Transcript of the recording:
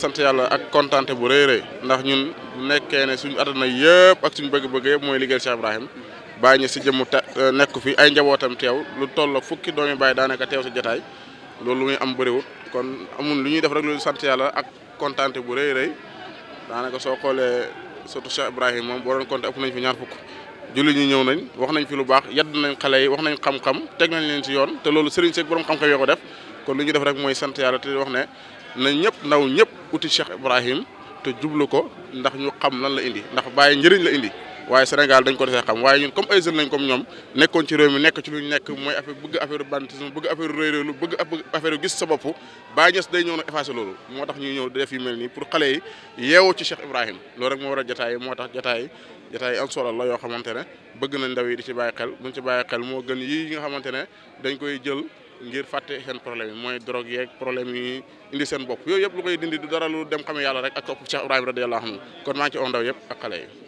sant yàlla ak kontaante bu rëy rëy ndax ñun nekkee ne suñu àdduna yëpp ak suñu bëgg-bëgg yëpp mooy liggéeyal Cheikh Ibrahim bàyyi ñu si jëmm te nekku fi ay njabootam teew lu tolloo fukki doomi bàyyi daanaka teew si jotaay loolu lu muy am bëriwut kon amul lu ñuy def rek loolu sant yàlla ak kontaante bu rëy rëy daanaka soo xoolee surtout Cheikh Ibrahim moom boo doon compté ëpp nañ fi ñaar fukk julli ñi ñëw nañ wax nañ fi lu baax yedd nañ xale yi wax nañ xam-xam teg nañ leen si yoon te loolu sëriñ borom xam-xam def kon ñu def rek mooy sant yàlla te wax ne na ñëpp ndaw ñëpp uti Cheikh Ibrahim te jublu ko ndax ñu xam lan la indi ndax Baye njëriñ la indi waaye Sénégal dañ ko defee xam waaye ñun comme ay jeunes lañ comme ñoom nekkoon ci réew mi nekk ci lu ñu nekk mooy affaire bëgg affaire banditisme bëgg affaire réy réylu bëgg affaire gis sa bopp Baye Niass day ñëw na effacé loolu moo tax ñuy ñëw def yu mel nii pour xale yi yeewu ci Cheikh Ibrahim loolu rek moo waral jotaay moo tax jotaay jotaay am la yoo xamante ne bëgg nañ ndaw yi di ci bàyyi xel buñ ci bàyyi xel moo gën yii yi nga xamante ne dañ koy jël ngir fàtte seen problème yi mooy drogue yeeg problème yi indi seen bopp yooyu yëpp lu koy dindi du dara lu dem xame yàlla rek ak topp Cheikh Ibrahima radiyallahu anhu kon maa ngi ci on ak xale yi